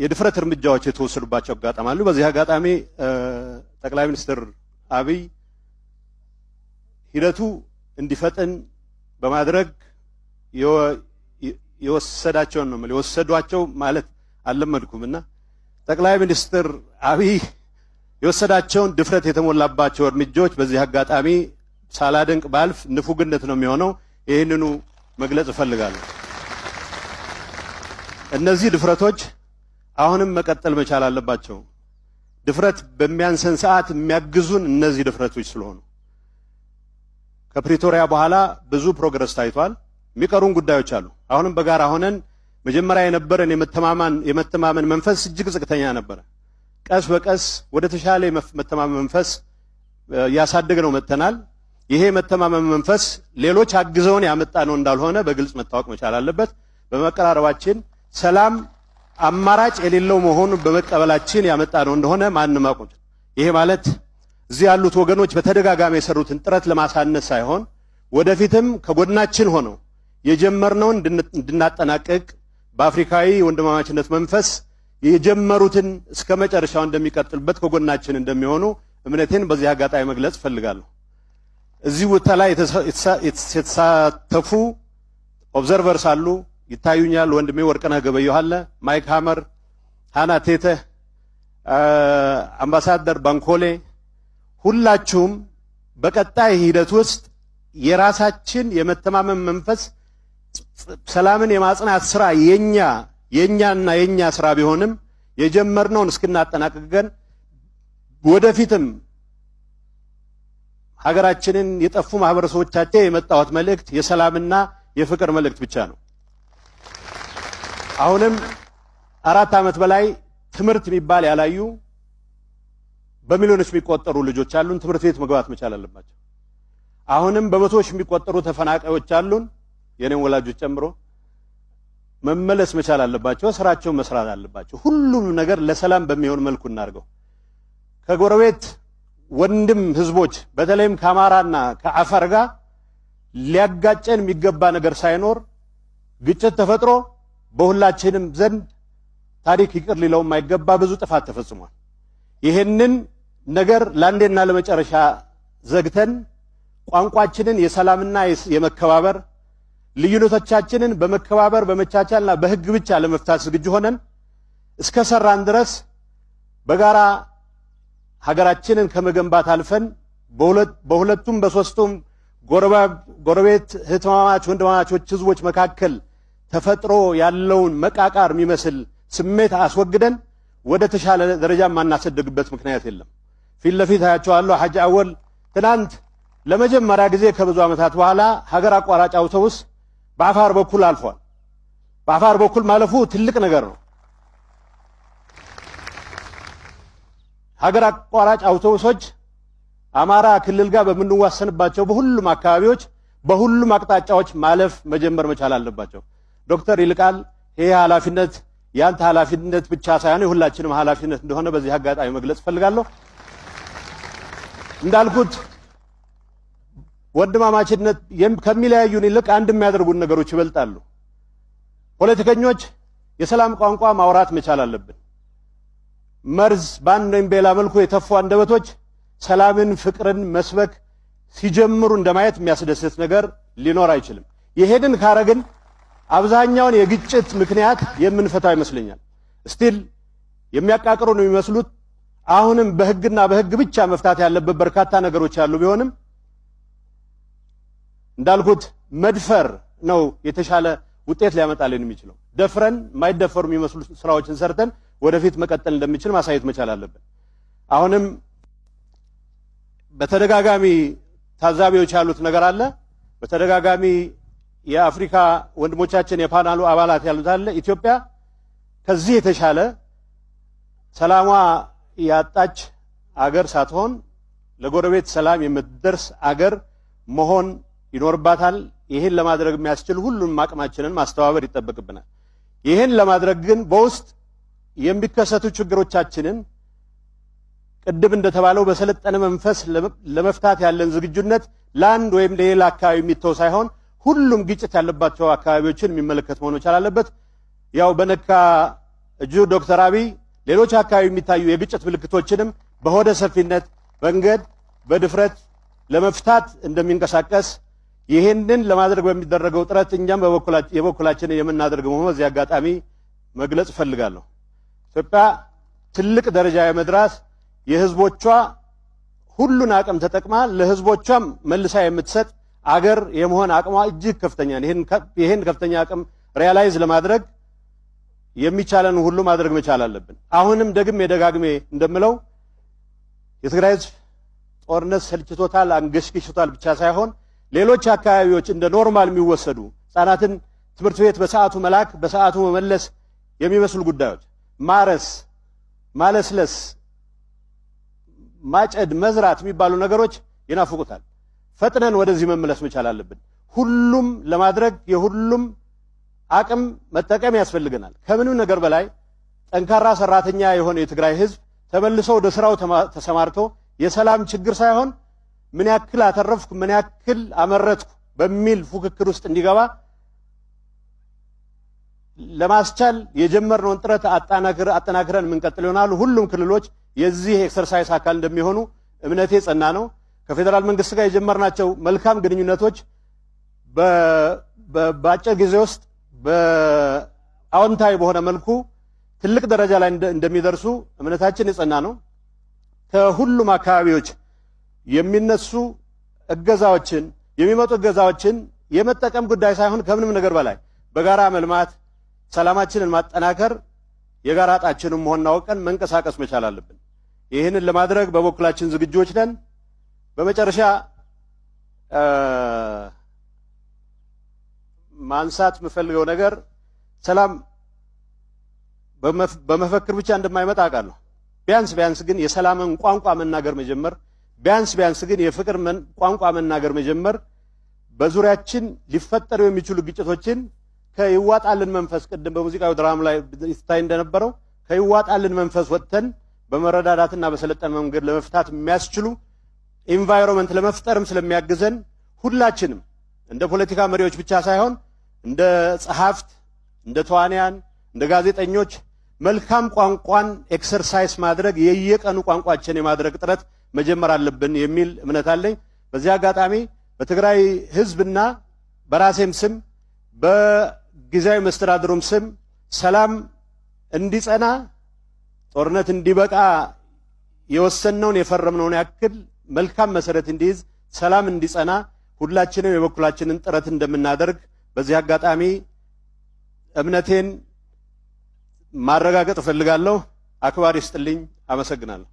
የድፍረት እርምጃዎች የተወሰዱባቸው አጋጣሚ አሉ። በዚህ አጋጣሚ ጠቅላይ ሚኒስትር አብይ ሂደቱ እንዲፈጥን በማድረግ የወሰዳቸውን ነው የወሰዷቸው ማለት አልለመድኩም እና ጠቅላይ ሚኒስትር አብይ የወሰዳቸውን ድፍረት የተሞላባቸው እርምጃዎች በዚህ አጋጣሚ ሳላደንቅ ባልፍ ንፉግነት ነው የሚሆነው። ይህንኑ መግለጽ እፈልጋለሁ። እነዚህ ድፍረቶች አሁንም መቀጠል መቻል አለባቸው። ድፍረት በሚያንሰን ሰዓት የሚያግዙን እነዚህ ድፍረቶች ስለሆኑ ከፕሪቶሪያ በኋላ ብዙ ፕሮግረስ ታይቷል። የሚቀሩን ጉዳዮች አሉ። አሁንም በጋራ ሆነን መጀመሪያ የነበረን የመተማመን መንፈስ እጅግ ዝቅተኛ ነበረ። ቀስ በቀስ ወደ ተሻለ መተማመን መንፈስ ነው መጥተናል። ይሄ መተማመን መንፈስ ሌሎች አግዘውን ያመጣ ነው እንዳልሆነ በግልጽ መታወቅ መቻል አለበት። በመቀራረባችን ሰላም አማራጭ የሌለው መሆኑ በመቀበላችን ያመጣ ነው እንደሆነ ማንም አቁት። ይሄ ማለት እዚህ ያሉት ወገኖች በተደጋጋሚ የሰሩትን ጥረት ለማሳነስ ሳይሆን ወደፊትም ከጎናችን ሆነው የጀመርነውን እንድናጠናቀቅ በአፍሪካዊ ወንድማማችነት መንፈስ የጀመሩትን እስከ መጨረሻው እንደሚቀጥልበት ከጎናችን እንደሚሆኑ እምነቴን በዚህ አጋጣሚ መግለጽ እፈልጋለሁ። እዚህ ውታ ላይ የተሳተፉ ኦብዘርቨርስ አሉ። ይታዩኛል። ወንድሜ ወርቅነህ ገበየሁ አለ፣ ማይክ ሃመር፣ ሃና ቴተ፣ አምባሳደር ባንኮሌ፣ ሁላችሁም በቀጣይ ሂደት ውስጥ የራሳችን የመተማመን መንፈስ ሰላምን የማጽናት ስራ የኛ የኛና የኛ ስራ ቢሆንም የጀመርነውን እስክናጠናቅቀን ወደፊትም ሀገራችንን የጠፉ ማህበረሰቦቻቸው የመጣሁት መልእክት የሰላምና የፍቅር መልእክት ብቻ ነው። አሁንም አራት ዓመት በላይ ትምህርት የሚባል ያላዩ በሚሊዮኖች የሚቆጠሩ ልጆች አሉን። ትምህርት ቤት መግባት መቻል አለባቸው። አሁንም በመቶዎች የሚቆጠሩ ተፈናቃዮች አሉን፣ የኔም ወላጆች ጨምሮ መመለስ መቻል አለባቸው። ስራቸው መስራት አለባቸው። ሁሉም ነገር ለሰላም በሚሆን መልኩ እናድርገው። ከጎረቤት ወንድም ህዝቦች በተለይም ከአማራና ከአፈር ጋር ሊያጋጨን የሚገባ ነገር ሳይኖር ግጭት ተፈጥሮ በሁላችንም ዘንድ ታሪክ ይቅር ሊለው የማይገባ ብዙ ጥፋት ተፈጽሟል። ይህንን ነገር ለአንዴና ለመጨረሻ ዘግተን ቋንቋችንን የሰላምና የመከባበር ልዩነቶቻችንን በመከባበር በመቻቻልና በሕግ ብቻ ለመፍታት ዝግጁ ሆነን እስከ ሰራን ድረስ በጋራ ሀገራችንን ከመገንባት አልፈን በሁለቱም በሶስቱም ጎረቤት እህትማማች ወንድማማች ህዝቦች መካከል ተፈጥሮ ያለውን መቃቃር የሚመስል ስሜት አስወግደን ወደ ተሻለ ደረጃ የማናሰደግበት ምክንያት የለም። ፊት ለፊት አያቸዋለሁ። ሐጅ አወል ትናንት ለመጀመሪያ ጊዜ ከብዙ ዓመታት በኋላ ሀገር አቋራጭ አውቶቡስ በአፋር በኩል አልፏል። በአፋር በኩል ማለፉ ትልቅ ነገር ነው። ሀገር አቋራጭ አውቶቡሶች አማራ ክልል ጋር በምንዋሰንባቸው በሁሉም አካባቢዎች በሁሉም አቅጣጫዎች ማለፍ መጀመር መቻል አለባቸው። ዶክተር ይልቃል ይሄ ኃላፊነት ያንተ ኃላፊነት ብቻ ሳይሆን የሁላችንም ኃላፊነት እንደሆነ በዚህ አጋጣሚ መግለጽ እፈልጋለሁ። እንዳልኩት ወንድማማችነት ከሚለያዩን ይልቅ አንድ የሚያደርጉን ነገሮች ይበልጣሉ። ፖለቲከኞች የሰላም ቋንቋ ማውራት መቻል አለብን። መርዝ በአንድ ወይም በሌላ መልኩ የተፉ አንደበቶች ሰላምን፣ ፍቅርን መስበክ ሲጀምሩ እንደማየት የሚያስደስት ነገር ሊኖር አይችልም። ይሄንን ካረግን አብዛኛውን የግጭት ምክንያት የምንፈታው ይመስለኛል። ስቲል የሚያቃቅሩ ነው የሚመስሉት። አሁንም በህግና በህግ ብቻ መፍታት ያለበት በርካታ ነገሮች ያሉ ቢሆንም እንዳልኩት መድፈር ነው የተሻለ ውጤት ሊያመጣልን የሚችለው። ደፍረን የማይደፈሩ የሚመስሉ ስራዎችን ሰርተን ወደፊት መቀጠል እንደሚችል ማሳየት መቻል አለብን። አሁንም በተደጋጋሚ ታዛቢዎች ያሉት ነገር አለ። በተደጋጋሚ የአፍሪካ ወንድሞቻችን የፓናሉ አባላት ያሉት አለ ኢትዮጵያ ከዚህ የተሻለ ሰላሟ ያጣች አገር ሳትሆን ለጎረቤት ሰላም የምትደርስ አገር መሆን ይኖርባታል። ይህን ለማድረግ የሚያስችል ሁሉንም አቅማችንን ማስተባበር ይጠበቅብናል። ይህን ለማድረግ ግን በውስጥ የሚከሰቱ ችግሮቻችንን ቅድም እንደተባለው በሰለጠነ መንፈስ ለመፍታት ያለን ዝግጁነት ለአንድ ወይም ለሌላ አካባቢ የሚተው ሳይሆን ሁሉም ግጭት ያለባቸው አካባቢዎችን የሚመለከት መሆን መቻል አለበት። ያው በነካ እጁ ዶክተር አብይ ሌሎች አካባቢ የሚታዩ የግጭት ምልክቶችንም በሆደ ሰፊነት መንገድ በድፍረት ለመፍታት እንደሚንቀሳቀስ ይህንን ለማድረግ በሚደረገው ጥረት እኛም የበኩላችንን የምናደርግ መሆኑ እዚህ አጋጣሚ መግለጽ እፈልጋለሁ። ኢትዮጵያ ትልቅ ደረጃ የመድረስ የህዝቦቿ ሁሉን አቅም ተጠቅማ ለህዝቦቿም መልሳ የምትሰጥ አገር የመሆን አቅሟ እጅግ ከፍተኛ ነው። ይህን ከፍተኛ አቅም ሪያላይዝ ለማድረግ የሚቻለን ሁሉ ማድረግ መቻል አለብን። አሁንም ደግሜ ደጋግሜ እንደምለው የትግራይ ሕዝብ ጦርነት ሰልችቶታል፣ አንገሽግሽቶታል ብቻ ሳይሆን ሌሎች አካባቢዎች እንደ ኖርማል የሚወሰዱ ሕፃናትን ትምህርት ቤት በሰዓቱ መላክ፣ በሰዓቱ መመለስ የሚመስሉ ጉዳዮች ማረስ፣ ማለስለስ፣ ማጨድ፣ መዝራት የሚባሉ ነገሮች ይናፍቁታል። ፈጥነን ወደዚህ መመለስ መቻል አለብን። ሁሉም ለማድረግ የሁሉም አቅም መጠቀም ያስፈልገናል። ከምንም ነገር በላይ ጠንካራ ሰራተኛ የሆነ የትግራይ ህዝብ ተመልሶ ወደ ስራው ተሰማርቶ የሰላም ችግር ሳይሆን ምን ያክል አተረፍኩ፣ ምን ያክል አመረትኩ በሚል ፉክክር ውስጥ እንዲገባ ለማስቻል የጀመርነውን ጥረት አጠናክረን የምንቀጥል ይሆናል። ሁሉም ክልሎች የዚህ ኤክሰርሳይስ አካል እንደሚሆኑ እምነቴ ጸና ነው። ከፌዴራል መንግስት ጋር የጀመርናቸው መልካም ግንኙነቶች በአጭር ጊዜ ውስጥ በአዎንታዊ በሆነ መልኩ ትልቅ ደረጃ ላይ እንደሚደርሱ እምነታችን የጸና ነው። ከሁሉም አካባቢዎች የሚነሱ እገዛዎችን የሚመጡ እገዛዎችን የመጠቀም ጉዳይ ሳይሆን ከምንም ነገር በላይ በጋራ መልማት፣ ሰላማችንን ማጠናከር የጋራ ዕጣችንም መሆን አውቀን መንቀሳቀስ መቻል አለብን። ይህንን ለማድረግ በበኩላችን ዝግጁዎች ነን። በመጨረሻ ማንሳት የምፈልገው ነገር ሰላም በመፈክር ብቻ እንደማይመጣ አውቃለሁ። ቢያንስ ቢያንስ ግን የሰላምን ቋንቋ መናገር መጀመር፣ ቢያንስ ቢያንስ ግን የፍቅር ቋንቋ መናገር መጀመር በዙሪያችን ሊፈጠሩ የሚችሉ ግጭቶችን ከይዋጣልን መንፈስ ቅድም በሙዚቃዊ ድራም ላይ ይታይ እንደነበረው ከይዋጣልን መንፈስ ወጥተን በመረዳዳትና በሰለጠነ መንገድ ለመፍታት የሚያስችሉ ኢንቫይሮንመንት ለመፍጠርም ስለሚያግዘን ሁላችንም እንደ ፖለቲካ መሪዎች ብቻ ሳይሆን እንደ ጸሐፍት፣ እንደ ተዋንያን፣ እንደ ጋዜጠኞች መልካም ቋንቋን ኤክሰርሳይስ ማድረግ የየቀኑ ቋንቋችን የማድረግ ጥረት መጀመር አለብን የሚል እምነት አለኝ። በዚህ አጋጣሚ በትግራይ ሕዝብና በራሴም ስም በጊዜያዊ መስተዳድሩም ስም ሰላም እንዲጸና ጦርነት እንዲበቃ የወሰንነውን የፈረምነውን ያክል መልካም መሰረት እንዲይዝ፣ ሰላም እንዲጸና ሁላችንም የበኩላችንን ጥረት እንደምናደርግ በዚህ አጋጣሚ እምነቴን ማረጋገጥ እፈልጋለሁ። አክባሪ ስጥልኝ። አመሰግናለሁ።